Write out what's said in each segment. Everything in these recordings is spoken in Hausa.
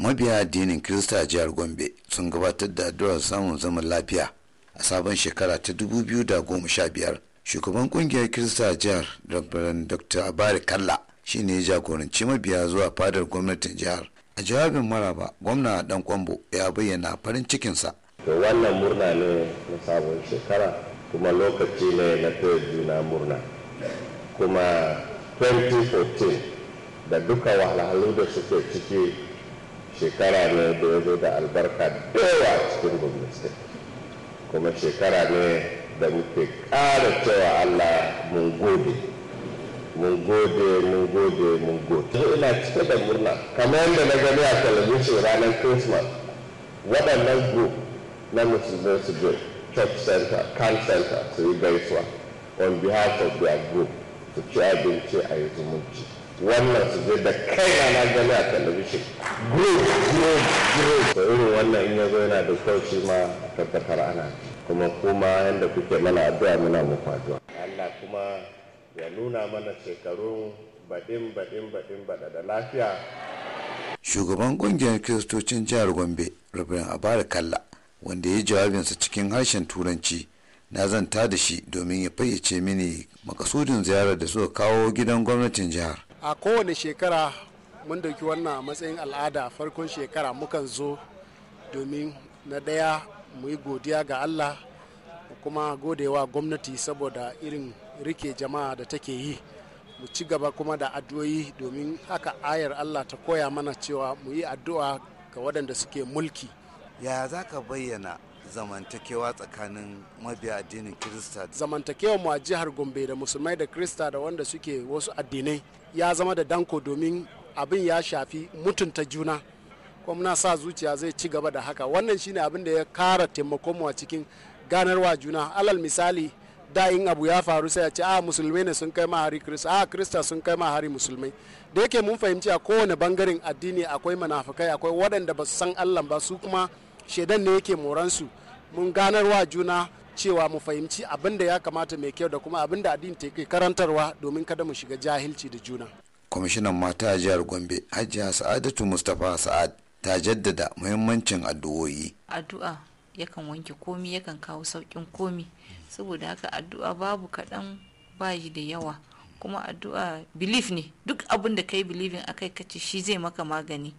mabiya addinin kirista a jihar gombe sun gabatar da addu'ar samun zaman lafiya a sabon shekara ta da sha biyar, shugaban kungiyar kirista a jihar rabaran dr abari kalla shine ya jagoranci mabiya zuwa fadar gwamnatin jihar a jawabin maraba gwamna dan kwambo ya bayyana farin cikinsa to wannan murna ne na sabon shekara kuma lokaci ne na juna murna kuma 2014 da duka wahalhalu da suke ciki shekara ne da ya zo da albarka da yawa cikin gwamnati kuma shekara ne da muke ƙara cewa allah mun gode mun gode mun gode mun gode ina cike da murna kamar yadda na gani a talabijin ranar christmas waɗannan group na musulman su je church center camp center su yi gaisuwa on behalf of their group su ci abinci a yi zumunci wannan su zai da kaina na gani a talabishin group group group da irin wannan in ya zo yana da sauki ma tabbatar ana kuma kuma yadda kuke mana addu'a muna muku addu'a Allah kuma ya nuna mana shekaru baɗin baɗin baɗin baɗa da lafiya shugaban ƙungiyar kiristocin jihar gombe rabin abara kalla wanda ya jawabinsa cikin harshen turanci na zanta da shi domin ya fayyace mini makasudin ziyarar da suka kawo gidan gwamnatin jihar a kowane shekara mun dauki wannan matsayin al'ada farkon shekara mukan zo domin na daya mu yi godiya ga allah kuma godewa gwamnati saboda irin rike jama'a da take yi mu ci gaba kuma da addu'o'i domin haka ayar allah ta koya mana cewa mu yi addu'a ga waɗanda suke mulki yaya za ka bayyana zamantakewa tsakanin mabiya addinin kirista zamantakewa mu a jihar gombe da musulmai da kirista da wanda suke wasu addinai ya zama da danko domin abin ya shafi mutunta juna kuma muna sa zuciya zai ci gaba da haka wannan shine abin da ya kara taimakon mu a cikin ganarwa juna alal misali da in abu ya faru sai a ce a ah, musulmai ne sun kai ma hari kirista a ah, kirista sun kai ma hari musulmai da yake mun fahimci a kowane bangaren addini akwai munafukai akwai waɗanda ba su san allah ba su kuma shaidan ne yake moransu mun wa juna cewa mu fahimci abin da ya kamata mai kyau da kuma abin da addini take karantarwa domin kada mu shiga jahilci da juna. kwamishinan mata a jihar gombe hajiya sa'adatu mustapha sa'ad ta jaddada muhimmancin addu'o'i addu'a yakan wanke komi yakan kawo sauƙin komi saboda haka addu'a babu kaɗan bayi da yawa kuma addu'a belief ne duk abin da ka kai bilifin akai kace shi zai maka magani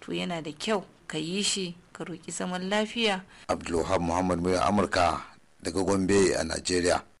to yana da kyau ka yi shi ka roƙi zaman lafiya abdulwahab muhammad mai amurka daga gombe a nigeria.